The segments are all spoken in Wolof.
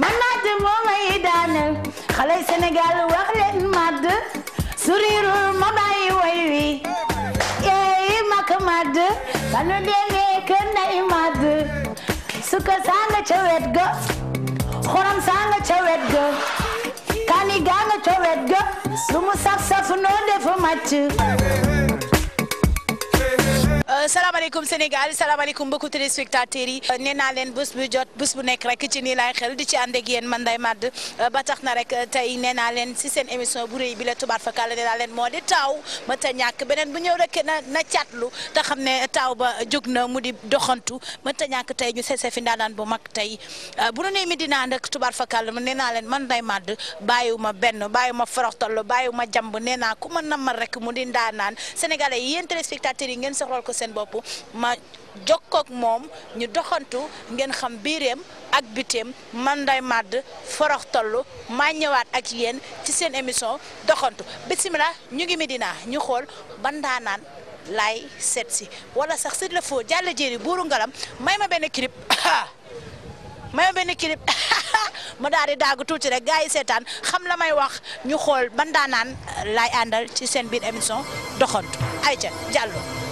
man madd moo may daaneel Sénégal wax leen madd souriirul ma bàyyi way wi yeey mak madd kanu dengee kën nay madd suka saa nga ca wet ga xorom saa nga ca wet ga kaani gaa nga Euh, salaamaaleykum Sénégal salaamaaleykum mbokku téléspectateurs yi euh, nee naa leen bés bu jot bés bu nekk rek ci nii laay xel di ci ànd ak yéen man day màdd euh, ba tax na rek tey nee naa leen si seen émission bu rëy bi la tubaat fa kàlla nee leen moo di taaw ma ta ñàkk beneen bu ñëw rek na na catlu te xam ne taaw ba jóg na mu di doxantu ma ta ñàkk tey ñu seese fi ndaanaan bu mag tey bu nu nee mi dinaa rek tubaat fa kàlla nee naa leen man day màdd bàyyiwu ma benn bàyyiwu ma foroxtal bàyyiwu ma jàmb nee naa ku ma rek mu di ndaanaan sénégalais yéen téléspectateurs yi ngeen soxlool ko seen bopp ma jokkook moom ñu doxantu ngeen xam biireem ak biteem man day màdd forox toll maa ñëwaat ak yéen ci seen émission doxantu bisimilah ñu ngi Medina ñu xool naan lay seet si wala sax si la foo jàll jéeri buuru ngalam may ma benn clip may ma benn clip daal di daagu tuuti rek gars yi seetaan xam la may wax ñu xool naan laay àndal ci seen biir émission doxantu ayca jàllo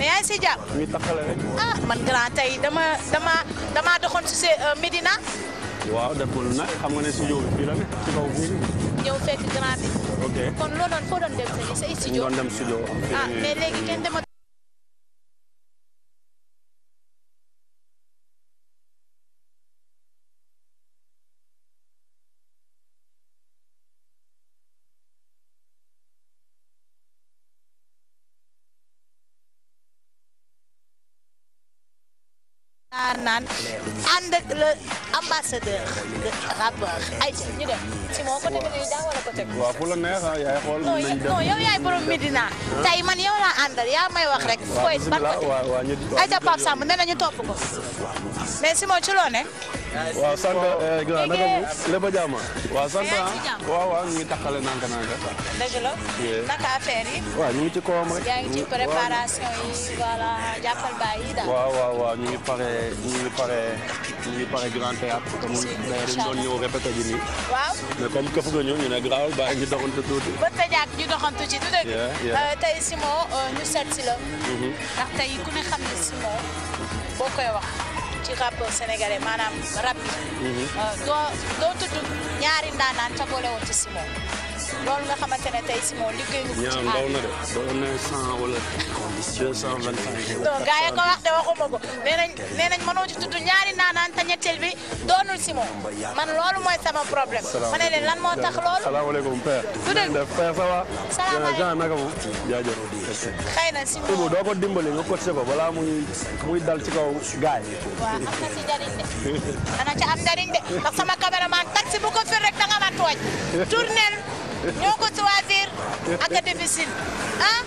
mais yaa ngi si jàmm. ñu taxale rek. ah man grand tey dama dama dama euh, Medina. waaw deful na xam nga ne studio bi fii la ne ci kaw fii. ñëw fekk grand ok kon loo foo doon dem sa studio. ñu ah mais léegi kenn dematul. naan ànd ak la ambassadeur de rappeur ayca ñu dem ci moom côté bi daal wala côté bi. waaw fu la neex ah yaay xool. non non yow yaay borom Medina tey man yow laa àndal yaa may wax rek. fooy ban côté ayca Pape Samb nee na ñu topp ko. mais Simon ci loo ne. waaw eh, grand naka mu lépp a jàmm. waaw sant ah waaw ñu ngi nanka nanka. dëgg la naka affaire yi. ñu ci kawam ñu pare ñu ngi Dakar. comme dañ doon ñëw ba tey ku ne xam ne Simon boo wax ci rap sénégalais maanaam rap mm-hmm. euh, doo doo ñaari ndaanaan ca boole woon ci Simon. loolu nga xamante ne tey si moom liggéey nga. ñaar ndaw na de doon na cent wala deux nee nañ nee nañ mënoo ñaari naanaan te ñetteel bi doonul si moom man loolu mooy sama problème. ma leen lan moo tax loolu. salaamaaleykum père. su dee père ça va. salaamaaleykum Jean naka moom jaajëf. cotisé xëy na si moom doo ko dimbali nga cotisé ko balaa muy dal ci kaw gaay yi. waaw am na de dana ca am njariñ de ndax sama caméraman taxi bu ko fir rek danga ma tooñ tournel ñoo ko choisir ak a difficile ah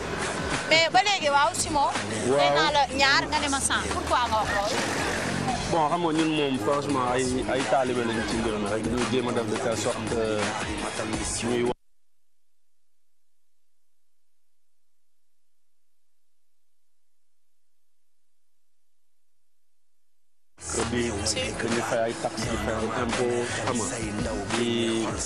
mais ba léegi waaw Simon. waaw naa la ñaar nga ne ma cent pourquoi nga xam nga ñun moom franchement ay taalibe lañu ci mbirum rek ñu jéem a def de telle sorte ñuy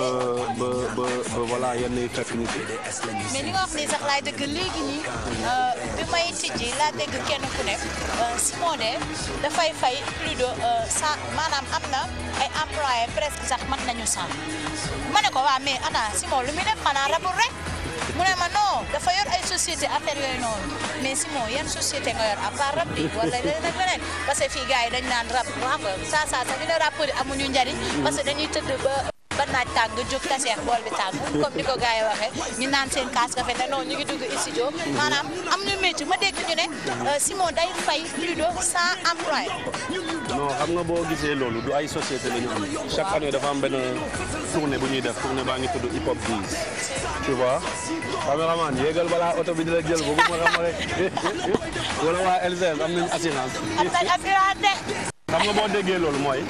ba ba ba voilà yenn facilité mais li nga wax nii sax laay dëgg léegi nii euh, bi may tijji laa dégg kenn ku ne euh, Simone dafay fay plus de euh, cent maanaam am na ay employé presque sax mat nañu cent ma ne ko waa mais attends Simone lu muy def xanaa rabul rek mu ne ma non dafa yor ay société affaire yooyu noonu mais Simon yan société nga yor à rab bi wala leneen ak leneen parce que fii gars dañ naan rab waaw saa saa sax ñu ne rappeurs yi amuñu njariñ parce que dañuy tëdd ba naaj tàng jóg taseex bool bi tàng comme ni ko gars waxee ñu naan seen kaas café te non ñu ngi dugg studio maanaam am na métti ma dégg ñu ne euh, Simon day fay plus de cent employés non xam nga boo gisee loolu du ay société la ñu am chaque année dafa am benn tournée bu ñuy def tournée baa ngi tudd hip hop bis tu vois caméraman yéegal balaa oto bi di la jël ba bu ma xam wala waa LCS am nañ assurance xam nga boo déggee loolu mooy.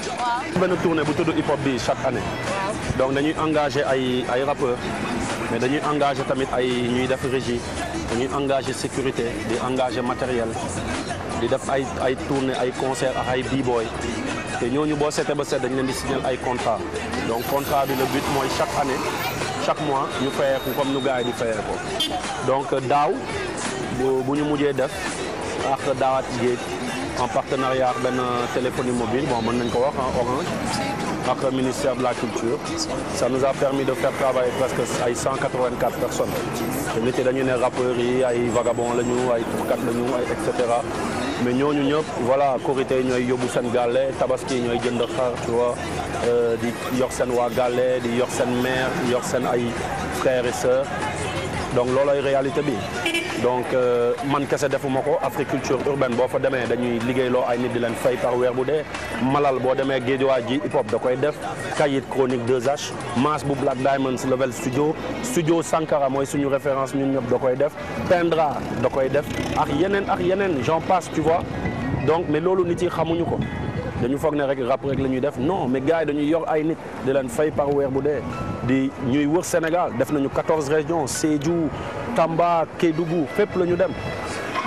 tourné pour bu le hip hop bi chaque année. donc dañuy engagé ay ay rappeurs. mais dañuy engagé tamit ay ñuy def régie dañuy engagé sécurité di engagé matériel di def ay ay tournée ay concert ay b-boy te nous boo seetee ba seet dañ leen di signaler ay contrat donc contrat bi le but moi chaque année chaque mois ñu fayeeku comme nous gagnons yi di donc daaw bu ñu mujjee def ak en partenariat avec un euh, téléphonie mobile bon est encore en orange, Orange le ministère de la culture ça nous a permis de faire travailler presque 184 personnes Nous y rappeurs vagabonds, ay la ay mais nous, voilà tabaski nous sommes jënd tu vois euh, di des frères et sœurs donc la réalité bi donc euh, man kese defuma ko agriculture urbaine boo fa demee dañuy liggéeyloo ay nit di leen fay par weer bu malal boo demee géejuwaay ji hip hop da def chronique 2H mars bu Black Diamonds level studio studio Sankara c'est une référence ñun ñëpp da koy def Pendra da def ak j'en passe tu vois donc mais loolu nit yi xamuñu ko dañu foog ne rek rap rek lañuy def non mais gars yi dañuy yor ay nit di leen fay par wèr bu dé di ñuy wër Sénégal def nañu 14 régions Sédhiou Tamba Kédougou fépp lañu dem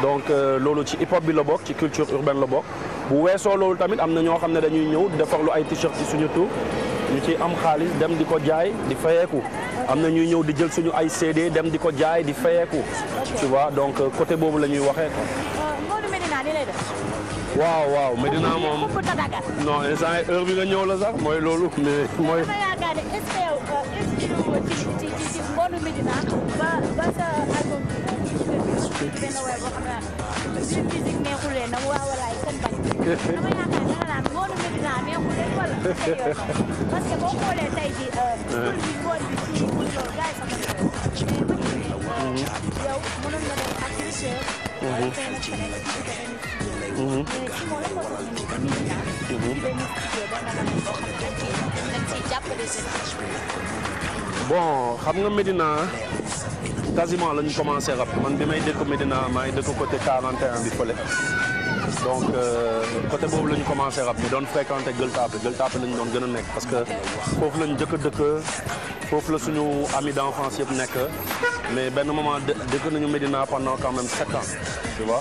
donc euh, lolu ci hip hop bi la bok ci culture urbaine la bok bu weesoo loolu tamit amna ño xamné dañuy ñëw di lu ay t-shirt ci suñu tur ñu ci am xaalis dem diko jaay di fayéku amna ñuy ñëw di jël suñu ay CD dem diko jaay di fayéku tu vois donc euh, côté bobu lañuy waxé waxee quoi. Euh, Modou ni lay def. waaw waaw Medina moom non instant yii heure bi nga ñëw la sax mooy loolu. mais mooy. dama yaakaar ne est-ce yow euh, euh, ci ci ci ci Medina ba ba sa album bi euh, benn waay boo xam ne bi musique neexulee na waaw walaay comme bañ. dama yaakaar ne dana naan mboolu Medina neexulee wala parce que boo xoolee tey jii. tur bi mbool bi tur bi loolu gars yi sax mm-hmm. yow mënoon na dem activité. Mm-hmm. wala Mhm. bon xam nga Medina quasiment lañu ñu commencé rap man bi may dëkk Medina, may ngi dëkk côté 41 bi fële donc euh, côté bobu lañu ñu commencé rap ñu doon fréquenté Gueule Tapée lañu Tapée la ñu doon gën nekk parce que fofu lañu ñu jëkk a dëkk foofu la suñu ami d'enfance yëpp nekk mais ben moment dëkk nañu Medina pendant quand même 7 ans tu vois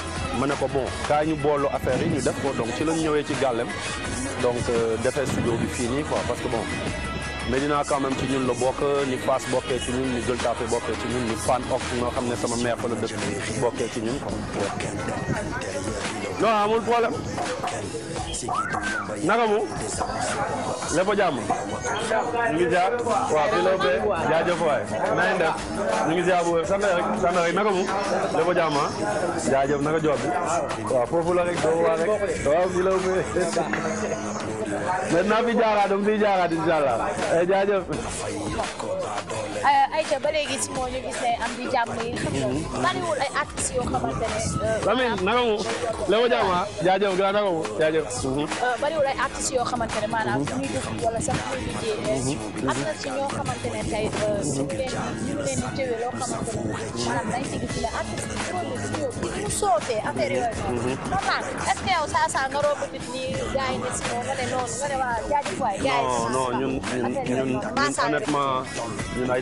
mané ko bon kaay ñu boolu affaire yi ñu def ko donc ci lañ ñëwee ci gàllem donc euh, defee studio bi fini quoi parce que bon Médina quand même ci ñun la bokk ni Fass bokkee ci ñun ni Gueule Tapée bokkee ci ñun ni Fann ok nga xam ne sama mère fa la dëkk bokkee ci ñun quoi. non amul problème. naka mu. lépp a jàmm. ñu ngi ziar. waaw fii la ëppee jaajëf waay. na ngeen def ñu ngi ziar bu wér rek naka mu. lépp a jàmm ah. naka job bi. waaw foofu la rek doo waa rek. waaw fii la ëppee. maintenant fi jaaraat dama fiy jaaraat incha allah eh, jaajëf ayca ba léegi si moo ñu gis ne am di jàmm yi. bariwul ay artistes yoo xamante ne. Euh, Lamine naka mu léegi jàmm ah? jaajëf grand naka mu jaajëf. Euh, bariwul ay artistes yoo xamante ne maanaam mhm. ñuy dugg wala sax ñuy liggéey. Mhm. Mhm. am na ci ñoo xamante ne tey euh, su leen ñu leen di jëwee loo xamante ne maanaam dañ ci gis ne artiste bi mu sootee affaire yooyu. normal est ce que yow saa saa nga romb nit ñi gars yi ne si moom nga ne noonu nga ne waa jaajëf waay. gars yi non non ñun ñun ñun honnêtement ñun ay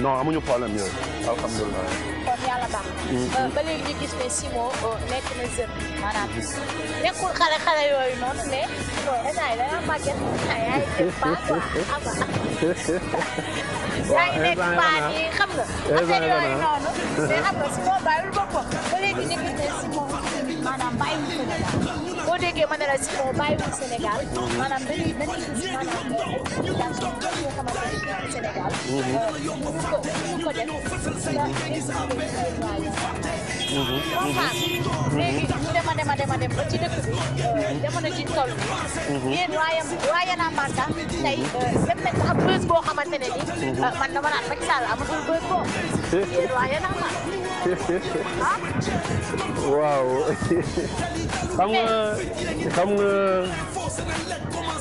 non amuñu problème yooyu alhamdulilah. kon yàlla baax na. Mm-hmm. Euh, ba léegi ñu gis ne Simon euh, nekk na jeune maanaam mm-hmm. nekkul xale xale yooyu noonu mais état yi da nga màgget ay ay pas quoi xam nga. yaa ngi nekk paa yi xam nga. affaire yooyu noonu. mais xam nga Simon bàyyiwul boppam ba léegi ñu gis ne Simon maanaam bàyyiwul ko boo déggee ma ne la Simon bàyyiwul Sénégal maanaam dañuy dañuy gis maanaam yoo xamante ne Sénégal. mun ko mun ko def. léegi ñu dem a dem a dem a dem ba ci dëkk bi jamono ji toll. yéen waaye waaye naa Manta tey dem nañ ba am bés boo xamante ne ni. man dama naan Macky Sall amatul bés boo. yéen waaye naa Manta. waaw. xam nga xam nga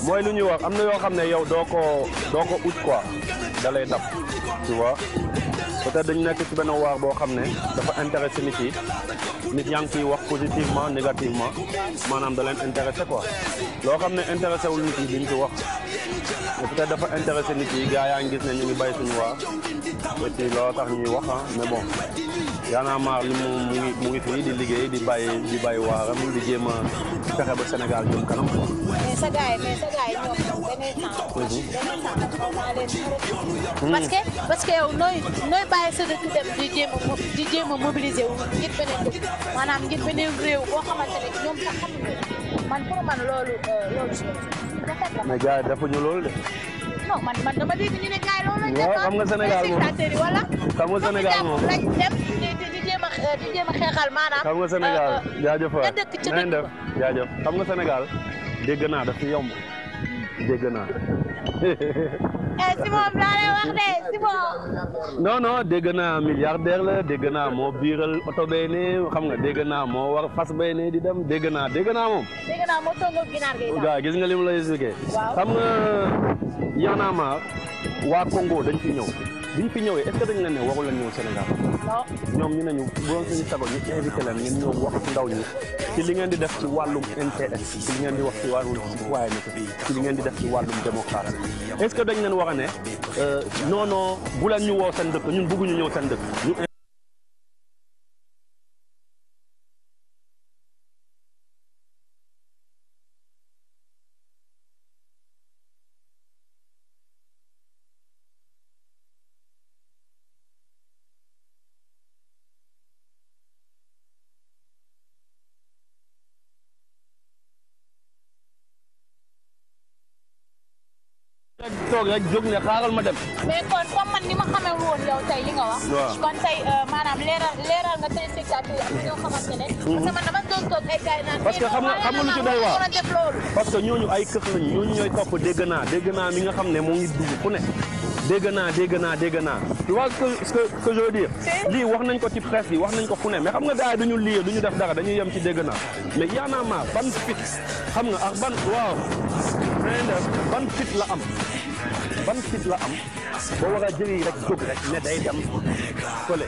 mooy lu ñuy wax am na yoo xam ne yow doo ko doo ko ut lay dab tu vois peut-être dañu nekk ci benn waar boo xam ne dafa intéressé nit yi nit yaa ngi ciy wax positivement négativement maanaam da leen intéressé quoi loo xam ne intéressé wul nit yi duñ ci wax mais peut-être dafa intéressé nit yi gars yaa ngi gis ne ñu ngi bay suñu waar et puis loo tax ñuy wax ah mais bon Y'en a marre li mu mu ngi mu ngi fii di liggéey di bàyyi di bàyyi waaram di jéem a fexe ba Sénégal jëm kanam. mais sa gars yi mais sa gars yi ñoom beneen temps. beneen temps maa leen di parce que parce que yow nooy nooy bàyyi sa dëkk dem di jéem a di jéem a mobiliser wu ngir beneen dëkk maanaam ngir beneen réew boo xamante ne ñoom sax xamuñu man pour man loolu euh, loolu si la. mais gars yi defuñu loolu de. non man man dama dégg ñu ne gars yi loolu lañ. waaw xam nga Sénégal moom xam nga Sénégal moom. di xam nga Sénégal euh, euh, jaajëf waay nga def jaajëf xam nga Sénégal dégg naa daf yomb dégg naa. si moom laa wax de si moom. non non dégg naa milliardaire la dégg moo biiral oto bay xam nga dégg naa moo war fas bay ne di dem dégg naa moom. gis nga li mu lay expliqué. xam nga Y'en waa Congo dañ fi ñëw biñ fi ñëwee est dañ la ne la ñëw Sénégal. ñoom ñu nañu borom suñu sago ñu invité leen ngeen ñëw wax ci ndaw ñi ci li ngeen di def ci wàllum NPS ci li ngeen di wax ci wàllum citoyenneté ci li ngeen di def ci wàllum démocratie est-ce que dañ leen wax ne euh, non non bu leen ñu woo seen dëkk ñun bëgguñu ñëw seen dëkk ñu rek ma dem. Euh, mhm. parce que xam nga xam nga lu ci day waar parce que ñooñu ay këx lañu ñooñu ñooy topp dégg naa dégg naa mi nga xam ne moo ngi dugg ku ne. dégg naa dégg naa dégg naa tu vois ce que ce dire lii wax nañ ko ci presse bi wax nañ ko fu ne mais xam nga du ñu duñu lii duñu def dara dañuy yem ci dégg naa mais yaanaa ma ban fit xam nga ak ban waaw ban fit la am ban fit la am boo war a jëriñ rek jóg rek ne day dem fële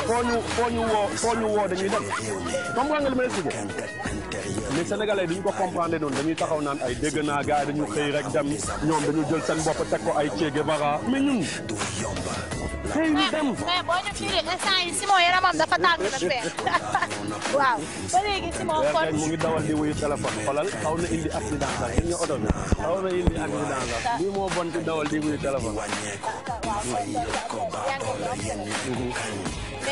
foo ñu foo ñu woo foo ñu woo dañuy dem comme nga li ma expliqué mais sénégalais ko comprendre noonu dañuy taxaw naan ay dégg naa gars dañu xëy rek dem ñoom dañu jël seen bopp teg ko ay Che Guevara mais ñun Sendem. Ne, boynu biri. Ne sen Simon yaramam dafa tàng na fee. waaw ba léegi Simon kon. mu ngi dawal di wuyu téléphone xolal xaw na indi accident sax ñu oto bi xaw na indi accident sax bi moo bon ci dawal di que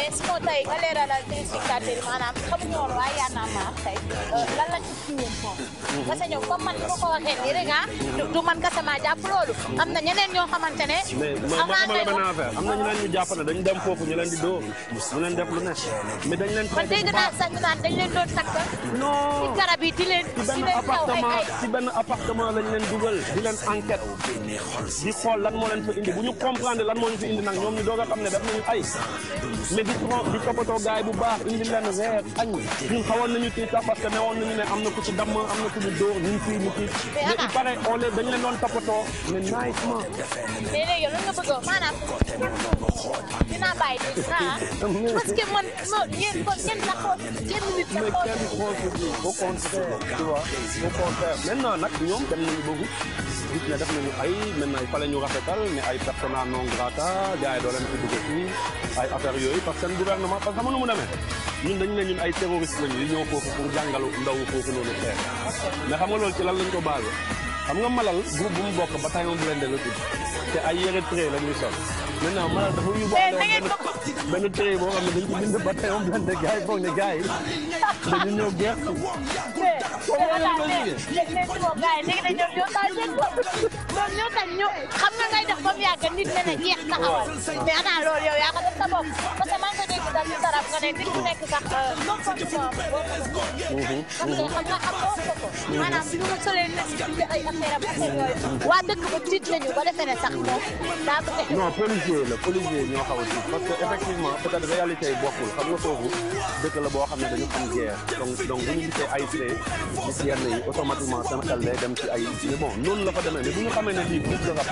nañu leen ñu jàppale dañu dem foofu ñu leen di dóor ñu leen def lu ne mais dañ leen. man dégg naa sax ñu naan dañ leen doon takk. non ci garab yi di leen. di leen leen dugal di xool lan moo leen fa indi bu ñu comprendre lan moo ñu fa indi ñoom ñu doog a ne daf nañu ay mais di di toppatoo gaay bu baax indi leen reer añ ñun xawoon parce que newoon nañu ne am na ku ci damm am na ku ñu dóor ñun ñu tiit mais dañ leen doon toppatoo mais naaj ma. dinaa bàyyi de ah parce que man non yéen ba yéen la xool yéen nit la xool. mais kenn xoosu ji au contraire tu vois au contraire maintenant nag ñoom dem nañu bëgg gis ne def nañu ay maintenant fa la ñu rafetal mais ay a non grata gars yi doo leen fi dugg fii ay affaire yooyu parce que seen gouvernement parce que mënu mu demee ñun dañu ne ñun ay terroriste lañu yi ñëw foofu pour jàngalu ndaw foofu noonu xeex mais xam nga loolu ci lan lañ ko basé. xam nga malal groupe bu mu bokk ba tax bu leen delloo tudd te ay yére trait la ñuy sol maintenant malal dafa yóbbuwaale eh, woon benn trait boo xam ne dañ ko bind ba tey moom blende gars yi foog ne gars yi dañu ñëw gerte. xam nga ngay def comme yàgg nit ne ne jeex taxawal mais ana loolu yow yaa ko def sa bopp ne nit ku nekk sax mboq bi quoi boo xam nga xam nga amoo ko ko. ñu nga ay affaire am affaire yooyu. waa dëkk ba tiit nañu ba defe ne sax moom daa ko fexe. non la policier ñoo xaw a parce que effectivement peut réalité bokkul xam nga foofu dëkk la boo xam ne dañu xam guerre donc donc bu ñu gisee ay fee gis yenn yi automatiquement seen xel day dem ci ay mais bon noonu la fa demee ne bu ñu xamee ne lii groupe de rap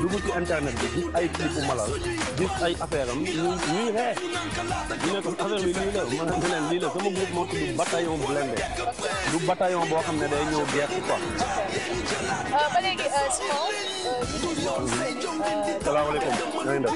dugg internet bi gis ay clipu malal gis ay affaire am ñuy ñuy ñu ne ah, affaire lii la man mu ne lii la sama groupe moo tudd boo xam ne day ñëw guerre ci quoi. Euh, ba léegi euh, Simon. Euh, salaamaaleykum. na ngeen def.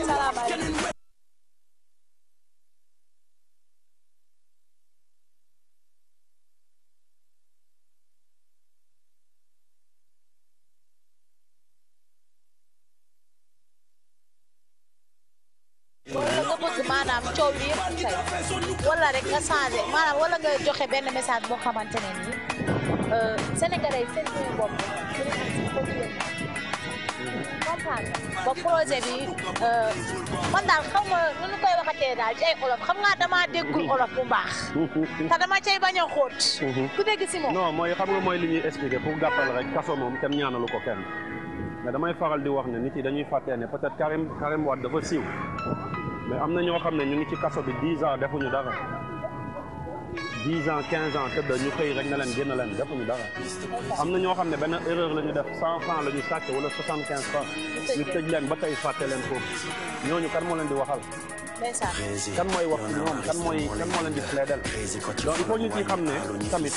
changé maanaam wala nga joxe benn message boo xamante ne nii euh, sénégalais ba projet bi euh, man daal ñu koy waxatee daal ci ay olof xam nga damaa déggul olof bu baax te dama cay bañ a xóot ku dégg si moom mooy xam nga mooy li ñuy expliqué pour gàttal rek kaso moom kenn ñaanalu ko kenn mais damay faral di wax ne nit yi dañuy fàttee ne peut-être Karim Karim Wade dafa siiw mais am na ñoo xam ne ñu ngi ci kaso bi dix ans defuñu dara dix ans quinze ans tëdd ñu xëy rek na leen génn leen defuñu dara am na ñoo xam ne benn erreur la ñu def cent franc la ñu sàcc wala soixante quinze franc ñu tëj leen ba tey fàtte leen foofu ñooñu kan moo leen di waxal kan mooy wax ci ñoom kan mooy kan moo leen di plaidel donc il faut ñu ci xam ne tamit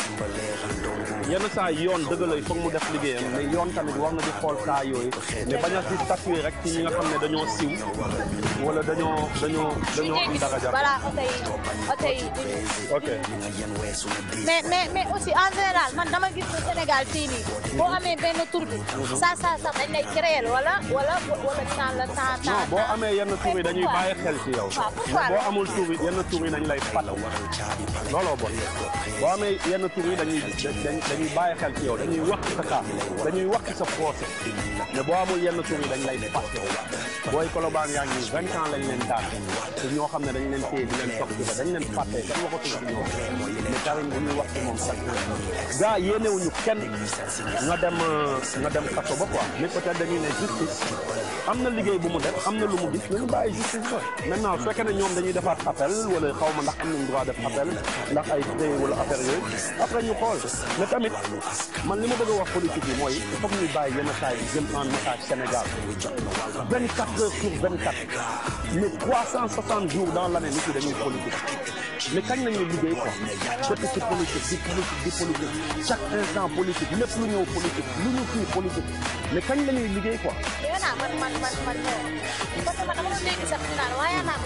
yenn saa yoon dëgg la foog mu def liggéeyam mais yoon tamit wax na di xool saa yooyu mais bañ a di statuer rek ci ñi nga xam ne dañoo siw wala dañoo dañoo dañoo am daraja voilà oto yi oto yi ok boo amee benn tur bi sa sa sa dañ lay créer wala wala wala la sans boo amee yenn tur yi dañuy bàyyi xel ci yow pourquoi pourquoi boo amul tur yi yenn tur yi dañ lay fàtte looloo bon boo amee yenn tur yi dañuy dañuy bàyyi xel ci yow dañuy wax sa cas dañuy wax sa procès mais boo amul yen tur yi dañ lay fàtte booy kolobaan yaa ngi vingt ans lañ leen daan te ñoo xam ne dañ leen téye di leen topp ba dañ leen fàtte dañ waxatuñ ci ñoom mais Karim bu ñuy wax ci moom sax gaa yéenewuñu kenn nga dem euh, nga dem kaso ba quoi mais peut ne justice am na liggéey bu mu def am na lu mu gis nañu bàyyi justice ba fekkee ne ñoom dañuy defaat appel wala xaw ma ndax am nañ droit def appel ndax ay day wala affaire yooyu après ñu xool mais tamit man li ma bëgg a wax politique yi mooy il faut ñuy bàyyi yenn saa yi jël en otage Sénégal 24 heures sur 24 mais 360 jours dans l'année nit yi dañuy politique mais kañ la ñuy liggéey quoi dëkk ci politique di politique di politique chaque instant politique lépp lu ñëw politique lu ñu kii politique mais kañ la ñuy liggéey quoi. yow naa man man man man parce que man dama doon dégg sax ñu naan waaye naa maanaam am na ñoo xamante ni dañu leen ay millions. xam nga seen def xam nga lu tax ñuy wax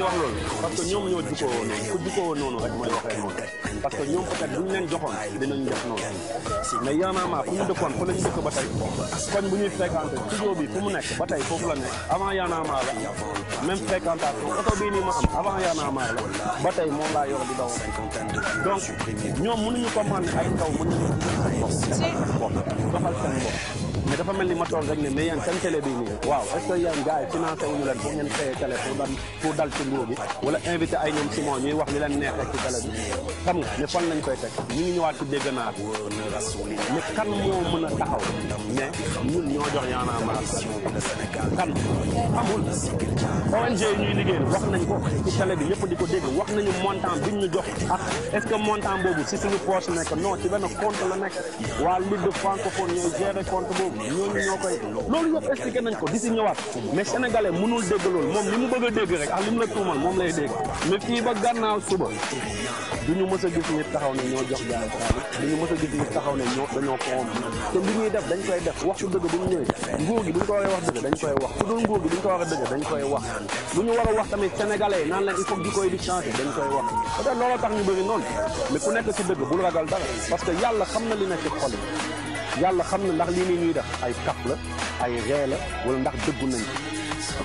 loolu. parce que ñoom ñoo jukkoo woon noonu rek mooy waxee noonu. parce que ñoom peut-être bu ñu leen joxoon dinañ def noonu. mais Y'en fu ñu dëkkoon fa la dëkk ba tey. koñ bu fu mu nekk ba tey foofu la nekk avant Y'en a marre la même fréquentation oto bii nii ma am avant Y'en la ba tey moom laa yor di daw. donc ñoom mënuñu comprendre ay ndaw mënuñu ko comprendre. mais dafa mel ni ma toog rek ne mais yéen seen télé bi nii waaw est ce que yéen gars yi financé wuñu leen pour ngeen créé télé pour dal pour dal ci nguur gi wala invité ay ñoom Simon ñuy wax li leen neex rek ci télé bi xam nga ne fan lañ koy teg ñu ngi ñëwaat ci dégg naa ko mais kan moo mën a taxaw mais ñun ñoo jox Y'en a marre kan amul ONG yi ñuy liggéey wax nañ ko ci télé bi ñëpp di ko dégg wax nañu montant biñ ñu jox ak est ce que montant boobu si suñu poche nekk non ci benn compte la nekk waa Ligue de francophone ñooy gérer compte boobu ñooñu ñoo koy loolu yëpp expliqué nañ ko di si ñëwaat mais sénégalais mënul dégg loolu moom li mu bëgg a dégg rek ak li mu la tuumal moom lay dégg mais fii ba gànnaaw suba du ñu mës a gis nit taxaw ne ñoo jox jaay du ñu mës a gis nit taxaw ne ñoo dañoo koom te li ñuy def dañ koy def waxtu dëgg bu ñu ñëwee nguur gi bu ñu ko waree wax dëgg dañ koy wax ku nguur gi bu ñu ko waree dëgg dañ koy wax lu ñu war a wax tamit sénégalais yi naan leen il di koy wax peut-être looloo tax ñu bëri noonu mais parce que yàlla xam na li nekk yàlla xam na ndax lii nii ñuy def ay kaf la ay ree la wala ndax dëggu nañ ko.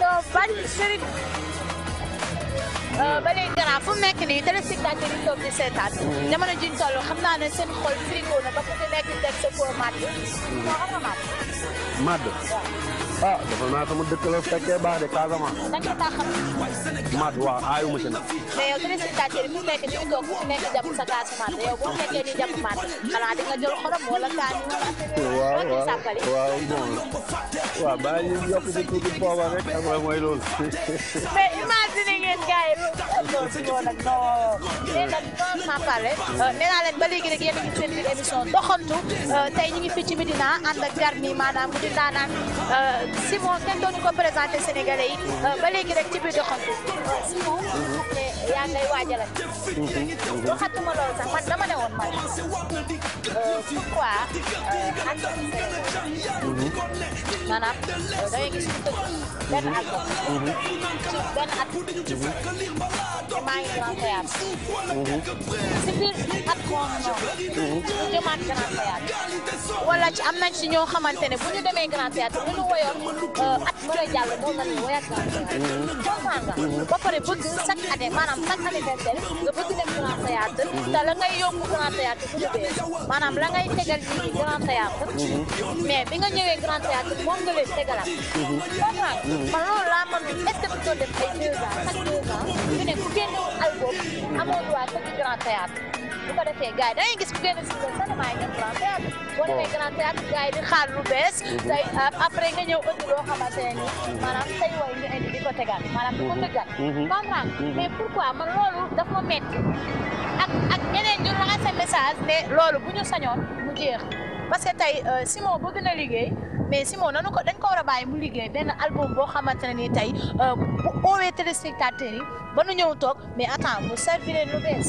non ban sëriñ euh, ba léegi dara fu mu nekk nii téléspectateur yi toog di seetaan. Mhm. jamono jiñ toll xam naa ne seen xol frigo na ba ku ci nekk teg sa koo màtt. moo xam Mad ah dafa naa sama dëkk la fekkee baax de Casamance. Mad waaw aayuma ci nag. mais yow téléspectateur yi fu nekk ñu toog fu nekk jàpp sa Casamance yow boo fekkee ñu jàpp Mad xanaa di nga jël xorom wala kaani wala. waaw waaw waaw bon waaw naa leen ba léegi rek yéen ngi seen biir émission doxantu euh, tey ñu ngi fii ci Médina ànd ak garmi maanaam mu beneen euh, daanaan Simon kenn doon ko présenté Sénégalais yi euh, ba léegi rek ci biir doxantu Simon yaa ngay waajalal lu xatuma loolu sax man dama ne woon man euh, pourquoi maanaam da ngay gis ñu tëj benn at ko ci benn at te maa ngi grand théâtre si biir at moom noonu jëmaat grand théâtre wala ci am nañ ci ñoo xamante ne bu ñu demee grand théâtre bu ñu woyoon euh, at ba lay jàll moom la ñuy woyaat grand théâtre nga ba pare bëgg chaque année maanaam chaque année benn nga bëgg dem grand théâtre te la ngay yóbbu grand théâtre bu ñu dee maanaam la ngay tegal nii grand théâtre mais bi nga ñëwee grand théâtre moom englais tegalaat. comprendre loolu laa mën di est-ce que du ko def ay deux ans chaque deux ans ñu ne ku grand théâtre bu ko defee gis ku génn si loolu bu ñu sañoon mu jeex parce que tey Simon bëgg na liggéey mais Simon nanu ko dañ ko war a bàyyi mu liggéey benn album boo xamante ne nii tey euh, bu oowee téléspectateurs yi ba ñu ñëw toog mais attends mu servir lu bees.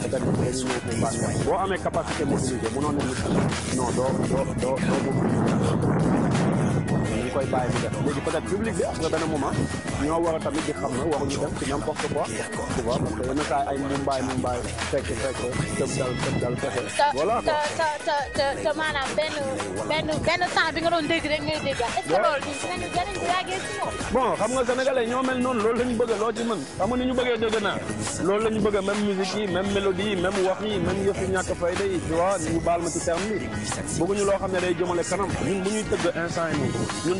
tamit dañuy ñëw pour bànneex boo amee capacité mobiliser mënoo ne nit non doo doo doo doo dañ koy bàyyi mu def léegi am na benn moment ñoo war a tamit di xam ne waruñu dem ci n'importe quoi tu vois parce que yenn saa ay mumbaay mumbaay fekk fekk tëb dal tëb dal fexe voilà te te te te maanaam benn benn benn temps bi nga doon dégg rek ngay dégg est ce que si ñoom bon loo ci mën xam nga ni la ñu bëgg même musique yi même mélodie yi même wax yi même yëf yi ñàkk fayda yi tu vois baal ma ci terme bi bëgguñu loo xam ne day jëmale kanam ñun bu ñuy tëgg instant yi ñun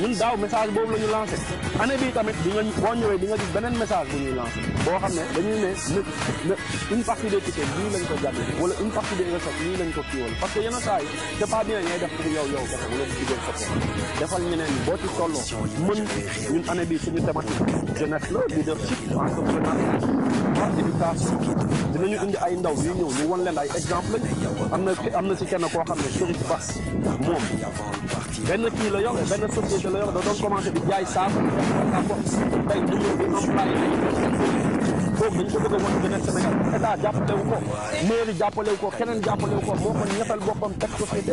ñun daaw message boobu la ñu lancé année bii boo ñëwee di nga gis beneen message bu ñuy lancé boo xam ne dañuy ne nit na une partie ko jàppe wala une partie des ko kiiwal parce que yenn saa yi c'est pas bien ngay def pour yow yow def wala jigéen sa bopp defal ñeneen boo ci tolloo mën ñun année bii suñu thématique jeunesse la leadership entrepreneuriat participation dinañu indi ay ndaw yu ñëw ñu won leen ay exemple lañ am na am na si kenn koo xam ne Chérif Bass moom benn kii la yore benn société la yor da doon commencé di jaay saako saako mbay mi ngi leen di employé boobu dañ ko bëgg a wan beneen Sénégal état jàppalewu ko mairie jàppalewu ko keneen jàppalewu ko moo ko ñefal boppam teg société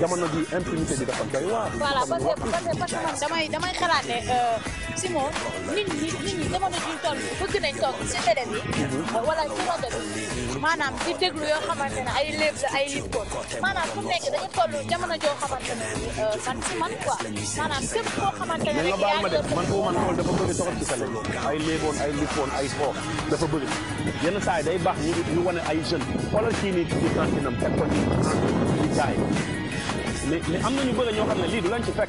jamono ji impunité bi dafa doy waar. voilà parce que parce que man damay damay xalaat ne euh, Simon nit ñi nit ñi jamono ji ñu toll bëgg nañ toog si télé bi. Mhm. wala ci rajo bi. maanaam di déglu yoo xamante na ay léeb la ay lippoon maanaam fu nekk dañu toll jamono joo xamante ne euh, man si man quoi maanaam képp koo xamante ne rek yaa ngi ay léeboon ay lippoon ay xoox dafa bëri yenn saa day baax ñu ñu wane ay jeune xoolal kii nii ci tantinam teg am na ñu bëri ñoo xam ne lii du lañ ci fekk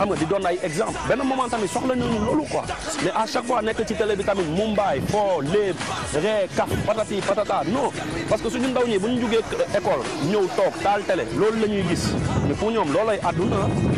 Je vous di un ay exemple un moment quoi mais à chaque fois on ci télé bi Mumbai Fort, léeb Ré, kaf patati patata non parce que suñu une école, bu ñu une école école, toog taal télé école, la mais pour ñoom une école.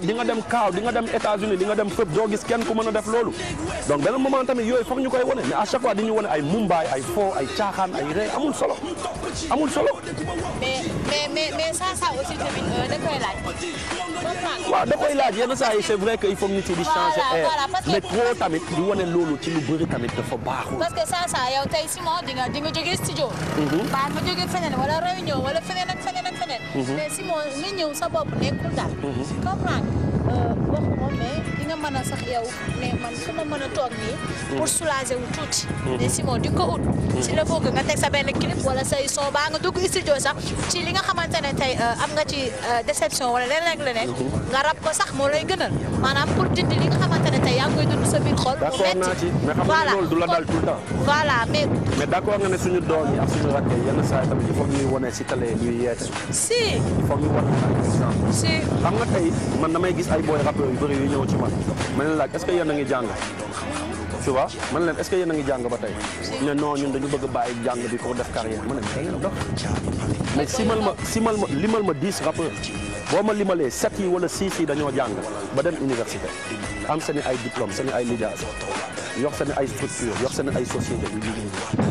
ko nga dem kaw di nga dem États-Unis di nga dem fépp do gis kenn ku meuna def loolu donc ben moment tamit yoy foog ñu woné mais à chaque fois di ñu woné ay Mumbai ay fo ay caaxaan ay ree amul solo amul solo. mais mais mais ça ça aussi tamit euh, da koy laaj. waaw da koy laaj yenn saa c'est vrai que il faut nous yi di changer air mais trop tamit di woné loolu ci lu bëri tamit da fa baaxul. parce que ça ça yow tay Simon di nga di nga jógee studio. Mhm. ba ma jógee feneen wala réunion wala feneen ak feneen ak feneen. Mhm. mais Simon nga ñëw sa bopp nekkul daal. Mhm. comprendre uh, por um di nga mën sax yow ne man fu ma mën a toog nii mm. pour soulager tuuti ne mm-hmm. Simon di nga ko ut mm-hmm. si la bëgg nga teg sa benn clip wala say son baa nga dugg studio sax ci li nga xamante ne tey euh, am nga ci euh, déception wala leneen ak leneen mm-hmm. nga rab ko sax moo lay gënal maanaam pour dindi li nga xamante tey yaa ngi dund sa biir xol mu ci mais xam nga du la dal tout le ne suñu doom yi ak suñu rakk yi yenn saa tamit il faut ñuy wone si télé ñuy yeete si il faut ñu si xam gis ay booy rappeur yu bëri yu ma leen laaj est-ce que yéen a ngi jàng tu vois ma ne leen est-ce que yéen ngi jàng ba tey ne non ñun dañu bëgg bàyyi jàng bi pour def carrière ma ne da ngeen dox mais simal ma simal ma limal ma dix rappeurs boo ma limalee sept yi wala six yi dañoo jàng ba dem université am seen i ay diplôme seen i ay lijaas yor seen ay structure yoo seen i ay société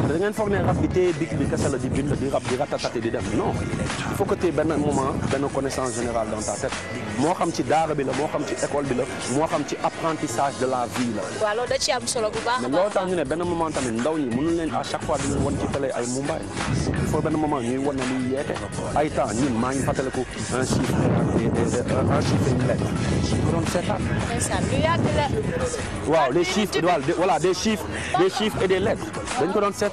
da ngeen foog ne bi téye big bi kese la di bind di rap, di ratataté di dem non il faut que tu téye benn moment benn connaissance générale dans ta tête moo xam ci daara bi la moo xam ci école bi la moo xam ci apprentissage de la vie la. waaw loolu da ci am solo bu baax mais loolu tax ñu ne benn moment tamit ndaw ñi mënul leen à chaque fois di leen wan ci télé ay Mumbai il faut benn moment ñuy wan ne luy yeete ay temps ñun maa ngi fàttaliku un chiffre un chiffre une lettre donc c'est ça. waaw les chiffres voilà des chiffres des chiffres et des lettres dañ ko doon seet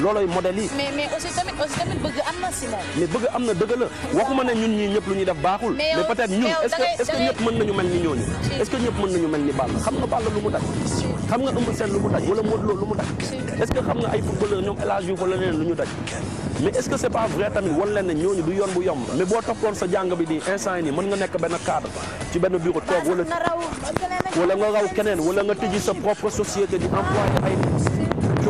loolooy modèle yi. mais mais aussi tamit aussi tamit bëgg am na si moom. mais bëgg am na dëgg la waxuma ne ñun ñii ñëpp lu ñuy def baaxul. mais peut-être ñun est-ce que est-ce que ñëpp mën nañu mel ni ñooñu. est-ce que ñëpp mën nañu mel ni Balla xam nga Balla lu mu daj. xam nga Eumeu Sène lu mu daj wala Modou Lô lu mu daj. est-ce que xam nga ay footballeur ñoom El Hadj Diouf wala leneen lu ñu daj. mais est-ce que c'est pas vrai tamit wan leen ne ñooñu du yoon bu yomb mais boo toppoon sa jàng bi di instant yi nii mën nga nekk benn cadre ci benn bureau toog wala wala nga raw keneen wala nga tijji sa propre société di employé ay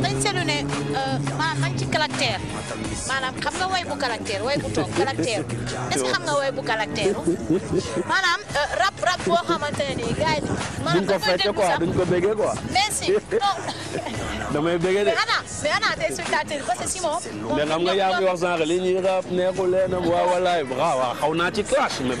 maanaam dañ seetlu ne euh, maanaam dañ ci caractère nga way bu caractère way bu toog caractère est-ce que xam nga way bu caractère maanaam euh, rap rap boo xamante ne nii gars yi maanaam duñ ko fecce quoi duñ ko béggee quoi merci non damay béggee de ana mais ana des spectateurs parce que si moom da xam nga yaa ngi wax sànq li ñuy rap neexu leen waaw walaay ah, waaw xaw naa ci clash mais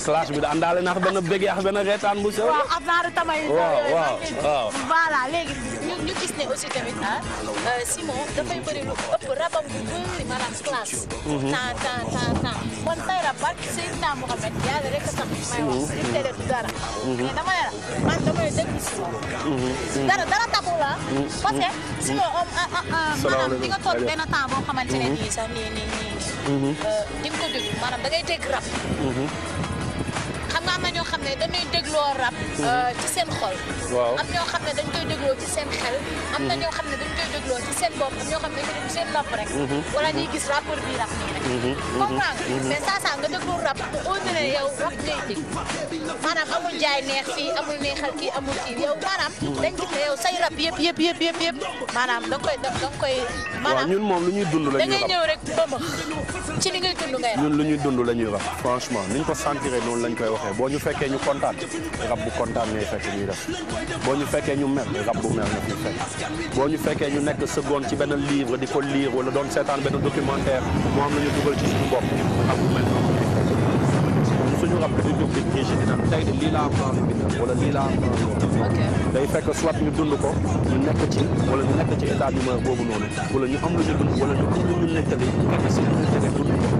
classe bi da àndaale ndax benn bëgg yàq benn reetaan bu sew. waaw avant de tamay. waaw waaw waaw voilà léegi ñu ñu gis ne aussi tamit ah euh, Simon dafay bëri lu ëpp rabam bu bëri maanaam classe. temps mhm. temps temps temps kon tey rab barke Seydina Mohamed yàlla rek a tax may wax li mhm. tey du dara. Mhm. mais dama ne la man damay déglu Simon. dara dara tabu la. Ah. parce que Simon ah, ah, maanaam di nga toog benn temps boo xamante ne nii sax nii nii nii. Euh, di nga ko déglu maanaam da ngay dégg rab. 慢慢就。xam ne dañuy dégloo rap. Euh, ci seen xol. am ñoo xam ne dañ koy dégloo ci seen xel. am na ñoo xam ne dañ koy dégloo ci seen bopp ñoo xam ne dañu seen nopp rek. Mhm. wala ñuy gis rappeur bi rap mhm. Mhm. ne yow rap ngay dégg maanaam amul jaay amul neexal kii maanaam. dañ yëpp yëpp yëpp yëpp yëpp koy da nga koy. maanaam ñun moom lu ñuy dund la ñuy rap ci li ngay dund ngay rap. ñun lu ñuy dund la ñuy rap franchement ni ñu ko sentiré noonu lañ koy waxee boo ñu fekkee ñu kontaan rab bu kontaan ngay fekk ñuy def boo ñu fekkee ñu mer rab bu mer nga fi fekk boo ñu fekkee ñu nekk seconde ci benn livre di ko lire wala doon seetaan benn documentaire moo am la ñu dugal ci suñu bopp rab bu mel noonu suñu rab bi di jóg di dirigé di naan tey de lii laa am wala lii laa am day fekk soit ñu dund ko ñu nekk ci wala ñu nekk ci état d'humeur boobu noonu wala ñu am lu ñu dund wala ñu am lu ñu nettali nekk si ñu dund ko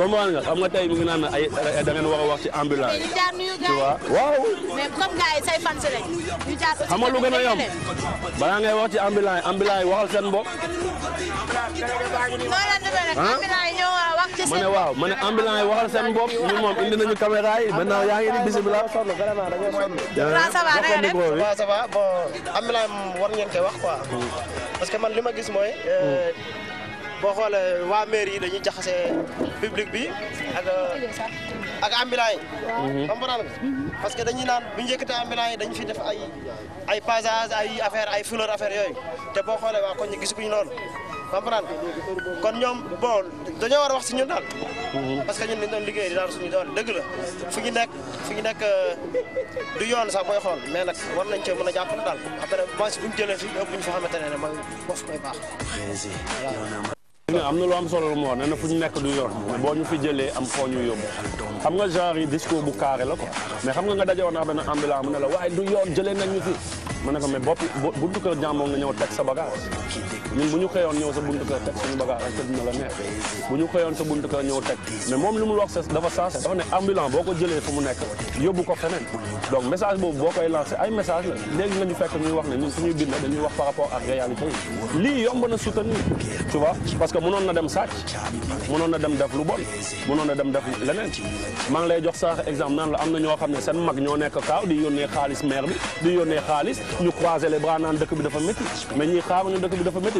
comprendre nga xam nga tey mi ngi ay da ngeen war a wax ci ambulance yi. tu vois waaw. mais nga lu gën a wax ci ambulance yi ambulance yi waxal seen bopp. ah ma ne waaw ma ne ambulance yi waxal seen bopp ñun moom indi nañu caméra yi maintenant yaa ngi ni nga def waaw ça va ambulance war ngeen koy wax quoi. Hmm. parce man li gis mooy. Euh, hmm. boo xoolee waa mairie yi dañuy jaxase public bi ak euh, ak ambulant yi. Mhm. comprendre nga mhm. parce que dañuy naan bu njëkkatee ambulant yi dañu fi def ay ay passage ay affaire ay fleur affaire yooyu te boo xoolee waa koñ gisaguñu loolu comprendre kon ñoom bon dañoo war a wax si ñun daal. Mhm. parce que ñun dañ doon liggéey di daal suñu doon dëgg la ñu nekk fu ñu nekk euh, du yoon sax booy xool mais nag war nañ cee mën a jàppale daal après bu ñu jëlee fii bu ñu fa xamante ne mooy bof mooy baax. nga am na lu am solo lu mu wax nee fu ñu nekk du yoon boo ñu fi jëlee am foo ñu yóbbu xam nga genre yi discours bu carré la ko mais xam nga nga dajewoon ndax benn ambulant mu ne la waaye du yoon jëlee nañ ñu fi ma ne ko mais bopp buntu kër jàmbur nga ñëw teg sa bagage ñun bu ñu xëyoon ñëw sa buntu kër teg suñu bagage ak dina la neex bu ñu xëyoon sa buntu kër ñëw teg mais moom li mu wax sa dafa sensé dafa ne ambulant boo ko jëlee fu mu nekk yóbbu ko feneen donc message boobu boo koy lancé ay message la léegi la ñu fekk ñuy wax ne ñun suñuy dañuy wax par ak réalité lii yomb na soutenir tu vois parce que mënoon na dem sàcc mënoon na dem def lu bon mënoon na dem def leneen maa ngi lay jox exemple naan la am na ñoo xam ne seen mag ñoo nekk kaaw di yónnee xaalis maire bi di yónnee xaalis ñu croiser les bras naan dëkk bi dafa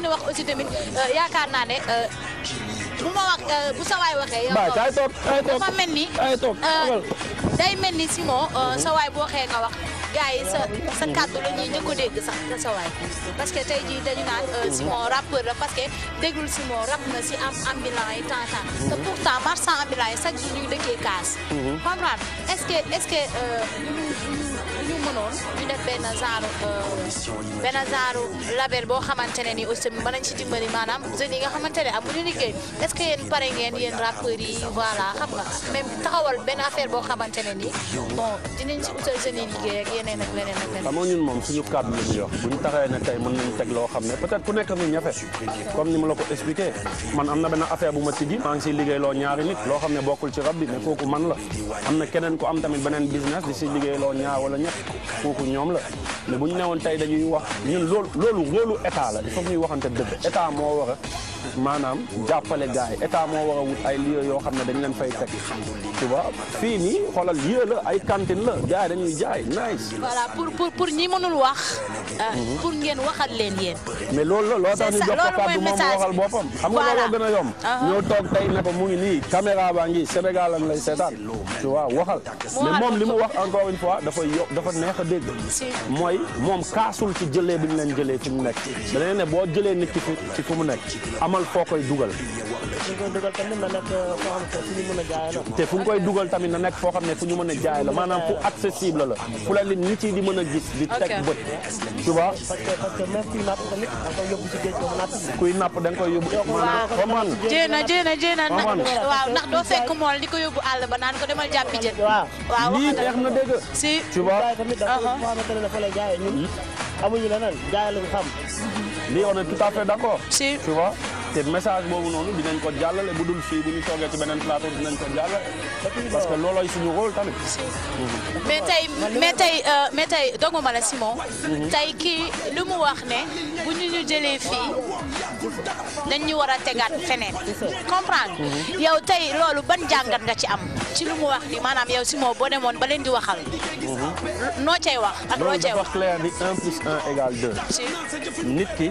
ngeen wax aussi tamit euh, yaakaar naa ne euh, bu ma wax euh, bu sa waxee. waaw kay toog dafa mel ni. kay toog day mel ni Simon sa waay boo xee nga wax. gars yi sa sa kàddu la ñuy njëkk dégg sax sa waay parce que tey jii dañu naan Simon rappeur la parce que déggul Simon rap na si am ambulant yi temps te mhm. pourtant marchand ambulant yi chaque ñuy dëkkee kaas. Mhm. comprendre est-ce que est juuma benazaru, ñu def benn genre euh, benn genre label boo mana, ne ni aussi mën nañ ci dimbali maanaam jeunes yi nga xamante ne amuñu liggéey est-ce que yéen pare ngeen yéen rappeurs yi voilà xam nga même taxawal benn affaire boo xamante ne ni bon dinañ ci utal jeunes yi liggéey ak yeneen ak leneen ak leneen. amoo ñun moom suñu cadre la ñuy wax buñ taxawee ne tey mën nañ teg loo xam peut-être ku nekk comme ni ma la ko man affaire bu ma ci di maa ngi siy liggéey loo ñaari nit loo xam ne ci rab mais man la keneen am tamit business di si liggéey loo ñaar wala ñett kooku ñoom la mais bu ñu newoon tey dañuy wax ñun loolu loolu rôlu état la il faut ñuy waxante dëgg état moo war a maanaam jàppale gars yi état moo war a wut ay lieu yoo xam ne dañ leen fay teg tu vois fii nii xoolal lieu la ay cantine la gars yi dañuy jaay nice. voilà pour pour pour ñi mënul wax. Euh, mhm. pour ngeen waxal leen yéen. mais loolu la loo tax ñu jox ko kàddu moom boo boppam. xam nga gën a yomb. Ah ah. ñoo toog tey ne mu ngi nii caméra baa ngi Sénégal lañ lay seetaan tu vois waxal. mais moom dafa neex a dégg mooy moom kaasul ci jëlee bi ñu leen jëlee ci mu nekk danañ ne boo jëlee nit ki ci fu mu nekk amal foo koy dugal te fu ñu koy dugal tamit na nekk foo xam ne fu ñu mën jaay la maanaam fu accessible la fu la nit ñi di mën a gis di teg bët tu vois kuy napp da nga koy yóbbu maanaam xaman jéena jéena jéena waaw ndax doo fekk mool di ko yóbbu àll ba naan ko demal jàppi jën waaw lii neex na dégg tu vois Uh-huh. Hmm. on est tout à fait d'accord. tu vois. té message bobu nonu dinañ ko jàllale bu dul fii bu ñu toogee ci benen plateau dinañ ko jàllale parce que loolooy suñu rôle tamit. mais tay mais tay euh, mais tay dogu ma la Simon. tay ki lu mu wax né bu ñu ñu jëlee fii dañ ñu wara a fenen comprendre mhm. yow tay loolu ban jangat nga ci am ci lu mu wax ni manam yow Simon bo demoon ba leen di waxal. Mhm. no cey wax ak noo cey wax. clair ni 1 plus 1 2. nit ki.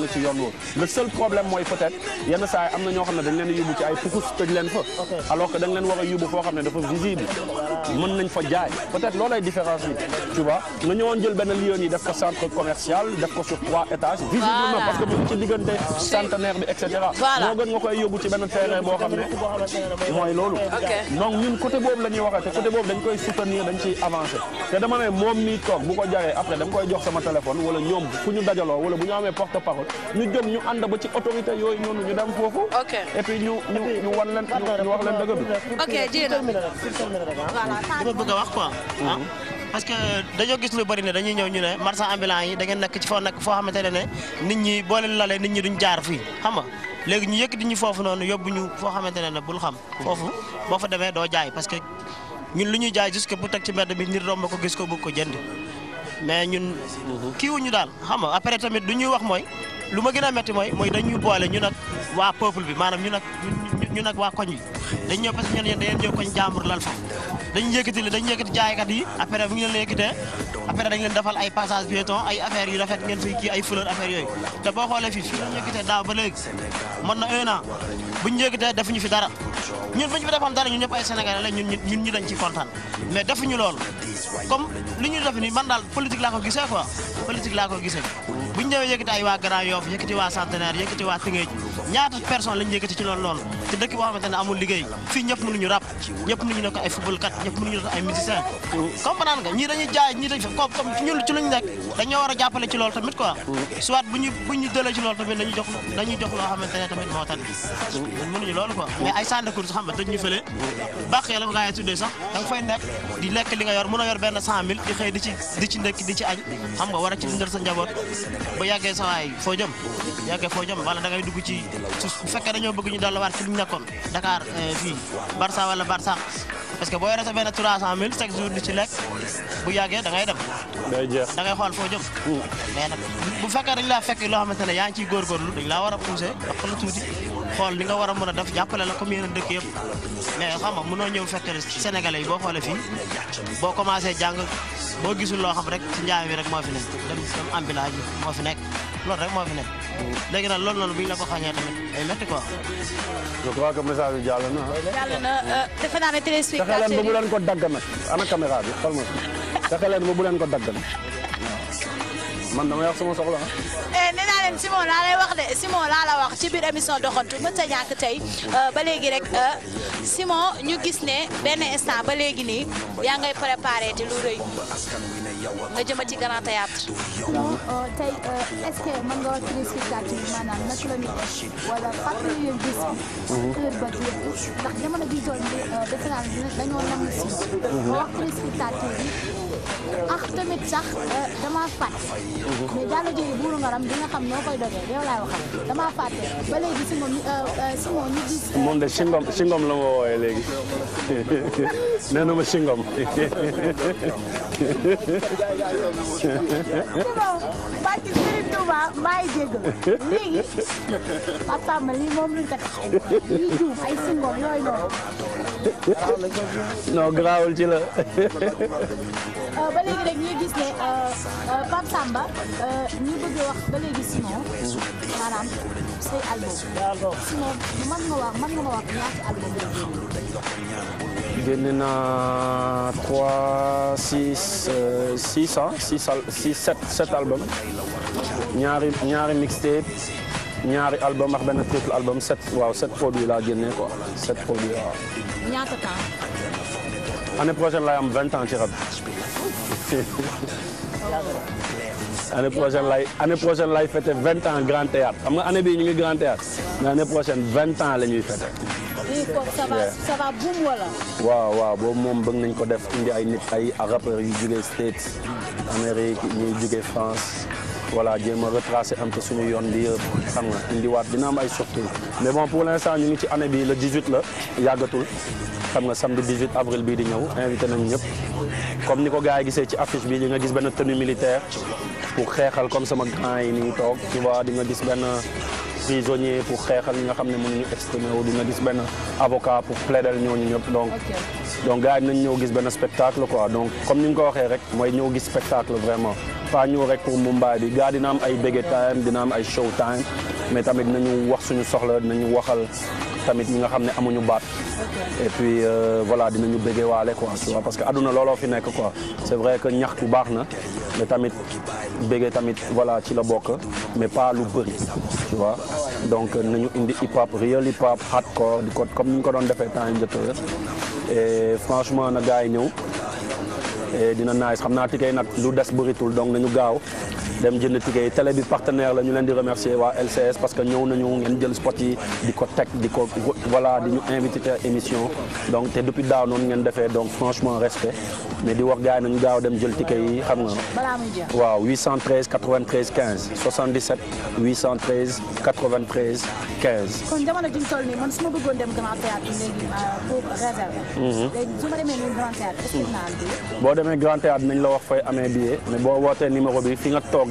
ci yoon le seul problème mooy peut-être yenn saa yi am na ñoo xam ne dañ leen yóbbu ci ay fukus tej leen fa alors que dañ leen wara a fo foo dafa visible mën nañ fa jaay peut-être lolay différence yi tu vois nga ñëwoon jël ben lion yi def ko centre commercial def ko sur trois étages visiblement parce que mu ci diggante centenaire bi et cetera moo gën nga koy yóbbu ci ben terrain bo xam ne lolu donc ñun côté boobu la ñuy waxee côté boobu dañ koy soutenir dañ ci avancer té dama né mom ni tok bu ko jaree après dañ koy jox sama téléphone wala ñom fu ñu dajalo wala bu ñu amé porte parole ñu jóg ñu ànd ba ci autorité yooyu noonu ñu dem foofu. ok et puis ñu ñu ñu wan leen ñu wax leen dëgg bëgg a wax quoi. Mhm. Ah, parce que dañoo gis lu bari ne dañuy ñëw ñu ne marchand ambulant yi da ngeen nekk ci foo nekk foo xamante ne ne nit ñi boo leen lalee nit ñi duñ jaar fii xam nga léegi ñu yëkk di ñu foofu noonu yóbbu ñu foo xamante ne ne bul xam. Mhm. foofu boo fa demee doo jaay parce que ñun lu ñuy jaay jusque bu teg ci mbedd bi nit romb ko gis ko bëgg ko jënd mais ñun kiiwuñu daal xam nga après tamit du ñuy wax mooy lu ma gën a métti mooy mooy dañuy boole ñu nag waa peuple bi maanaam ñu nag waa koñ bi dañu yëkkati dañu yëkkati jaaykat yi après bu ñu leen yëkkatee après dañ leen defal ay passage piéton ay affaire yu rafet ngeen fiy kii ay fleur affaire yooyu te boo xoolee ñu fi ñu yëkkatee daaw ba léegi mën na un an bu ñu yëkkatee defuñu fi dara ñu fi ñun ñu dañ ci kontaan mais defuñu loolu comme li ñu def ni man daal politique laa ko gisee quoi politique laa ko gisee bu ñu ya ñëwee ay wa Grand Yoff ya yëkëti wa centenaire yëkëti ya wa tingé ñaata personne lañu yëkëti ci lool lool ci dëkk bo xamanteni amul liggéey fi ñëpp mënu ñu rap ñëpp mënu ñu nekk ay football kat ñëpp mënu ñu ay musicien comprendre nga ñi dañuy jaay ñii dañu comme comme ñun ci luñu nek dañu wara jappalé ci lool tamit quoi soit buñu buñu bu ci lool tamit dañu jox dañu jox lo xamanteni tamit mo tan mënu ñu lool quoi mais ay centre de course xam nga dañu fëlé bax bàq yàlla ko gaa yi sax da nga fay nek di lek li nga yor mën yor ben 100000 di xey di ci di ci ndekk lekk di ci añ xam nga war a ci dundal sa njaboot ba yàggee sa waay foo jëm yàggee foo jëm wala da ngay dugg ci bu fekkee dañoo bëgg ñu delluwaat ci li ñu nekkoon Dakar eh, fii Barça parce que boo yoree sa benn 300000 chaque jour di ci lekk bu yàggee da dem. day xool foo hmm. bu fekkee dañ laa fekk loo xamante ne yaa ngi ciy góorgóorlu dañ laa war a poussé wax la tuuti. xool li nga war a mën a def jàppale la comme yeneen dëkk yëpp mais xam nga mënoo ñëw fekk Sénégalais yi boo xoole fii boo commencé jàng boo gisul loo xam rek ci njaay mi rek moo fi nekk dem moo fi nekk loolu rek moo fi nekk. léegi nag loolu noonu bu ñu la ko xañee tamit day métti quoi. je crois que message jàll na ah. jàll na euh, defe naa ne téléspectateur yi. fexe leen ba bu leen ko dagg nag ana caméra bi xam nga fexe leen ba bu leen ko dagg nag. man dama wax sama soxla ah. Eh, nee naa Simon laa lay wax de Simon laa la wax ci biir émission doxantu mën sa ñàkk tey euh, ba léegi rek euh, Simon ñu gis ne benn instant ba léegi nii yaa ngay préparé te lu rëy nga jëma ci grand théâtre. donc euh, tey est-ce nga wax ci spectacle gis. heure ba ji ndax jamono bii tool bi defe naa dañoo nam si. Mhm. wax ci spectacle bi. ax tamit sax eh, dama fàtte mais Diallo Dieye buuru ngaram bi nga xam noo koy dogee yow dama fàtte ba léegi si moom eh, eh, si moom la ma wooyee na ma singom bàcc Sëriñ Tuuba maay jégg léegi papa ma lii moom luñ ko tax ñu juum ay singom yooyu noonu non graoul ci la. Euh, ba légui rek ñi gis euh, euh, Samba bëgg wax ba album. sinon man nga wax nga album trois six hein, sept album mixtape il y a ñaari album ak ben triple album 7 waaw 7 produits la génné quoi 7 produits Il y waaw ñaata temps année prochaine la am 20 ans ci année prochaine lay année prochaine lay fêter 20 ans grand théâtre xam nga année bi grand théâtre L'année prochaine 20 ans lañuy fêter ça va boum voilà waaw waaw bo mom bëgg nañ ko def indi ay nit ay rappeurs yu jugé states amérique ñi jugé france voilà je me retracer un peu sur yone bi xam nga wat dina am ay surtout mais bon pour l'instant instant ñu ngi ci année bi le 18 là yagatul xam nga samedi 18 avril bi di ñëw invité nañ ñëpp comme niko gaay gars ci affiche bi di nga gis ben tenue militaire pour xéxal comme sama grand yi ni tok tu vois di nga gis ben prisonnier pour xéxal nga xamné ne ñu exprimer wu di nga gis ben avocat pour plaider ñooñu ñëpp donc donc gars nañ ñëw gis ben spectacle quoi donc comme ni nga ko waxee rek moy ñëw gis spectacle vraiment pas ñëw rek pour Mumbai bi gars dina am ay bége time dina am ay show time mais tamit nañu wax suñu soxla nañu waxal tamit ñi nga xamné amuñu baat et puis euh, voilà dinañu bége waale quoi parce que aduna lolo fi nek quoi c'est vrai que ñaxtu baax na mais tamit bége tamit voilà ci la bokk mais pas lu bëri tu vois donc nañu indi hip hop real hip hop hardcore di ko comme ñu ko doon défé temps yi njëkk et franchement na gaay yi ñëw Eh, dina nice xam naa ticket yi nag lu des bëritul donc nañu gaaw dem jënd ticket yi télé bi partenaire la ñu leen di remercier wa LCS parce que ñëw nañu ngeen jël spot yi diko tek diko voilà di ñu émission donc té depuis daaw noonu ngeen défé donc franchement respect mais di wax gars yi nañu gaaw dem jël ticket yi xam nga. waaw 813 93 15 77 813 93 15. kon jamono ji ñu toll nii man suma bëggoon dem Grand Théâtre légui euh, pour réserver. Mhm. léegi su ma demee nii Grand Théâtre est-ce que mhm. naa boo demee Grand Théâtre nañ la wax fay amé billet mais bo woté numéro bi fi nga tok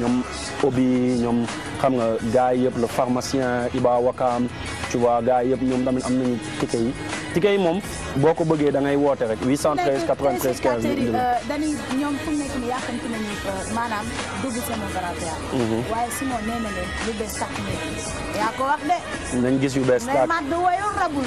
ñoom obi ñoom xam nga gars yi yëpp le pharmacien Iba Wakaam tu vois gars yi yëpp ñoom tamit am nañu kii yi. ticket yi moom boo ko bëggee dangay woote rek 813 93 15. dañuy ñoom fu mu nekk nii yàkkamti nañu euh, maanaam dugg sama Grand Théâtre. Mhm. waaye sinon lu bees tàq ne yaa ko wax de. nañ gis yu bees tàq mais Mate woyul rabul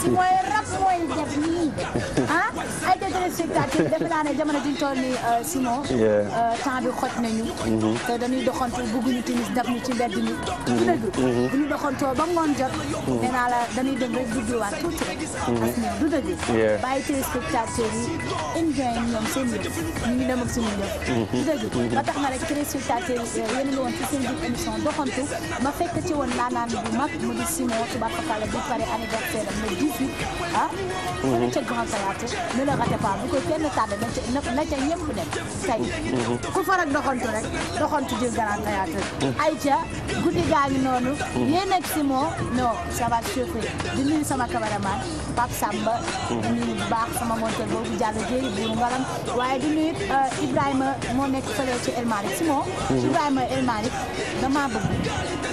si rab mooy def nii ah ay téléspectateurs defe naa ne jamono ji ñu toll nii euh, sinon. Euh, temps bi xoj nañu. Mhm. te dañuy doxantu bugguñu timis dab ñu ci mbedd mi. Mhm. dëgg bu ñu doxantoo ba ngoon jot. nee naa la dañuy dem rek juddiwaat tuuti parce que du dëgg bàyyi téléspectateurs yi enjoy ñoom seen yëf ñu ngi dem ak suñu yëf du dëgg ba tax na rek téléspectateurs yi yéen a ngi woon ci seen biir émission doxantu ma fekk ci woon naanaan bu mag mu di Simon tubaarkalla bu pare anniversaire am le 18 ah fële ca Grand Théâtre ne le rate pas bu ko kenn tardé na ca na ca ñëpp dem ku farak doxantu rek doxantu jël Grand Théâtre ay ca guddi gaa ngi noonu yéen ak Simon non ça va surpris di nuyu sama cameraman Pape Samba. Mm-hmm. di nuyu baax sama monteur boobu Diallo Dieye buuru ngalam waaye di nuyu euh, Ibrahima moo nekk El Malick Simon. Mm-hmm. Ibrahima El Malick damaa bëgg.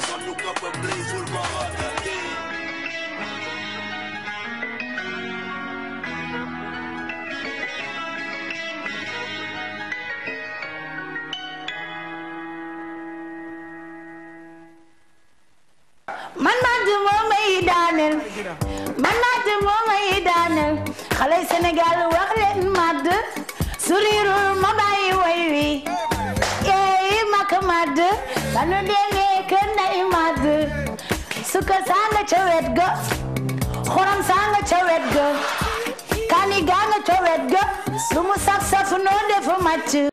fais nous quand on blaze ou le maroc man natt moom ay daaneel man natt moom ay daaneel xale Sénégal wax leen madd sourire ma bàyyi way wi yeey mak madd ba nu suka saa nga ca wet ga xorom saa nga ca wet ga kani gaa nga ca wet ga lu mu sax sax noo defa màcc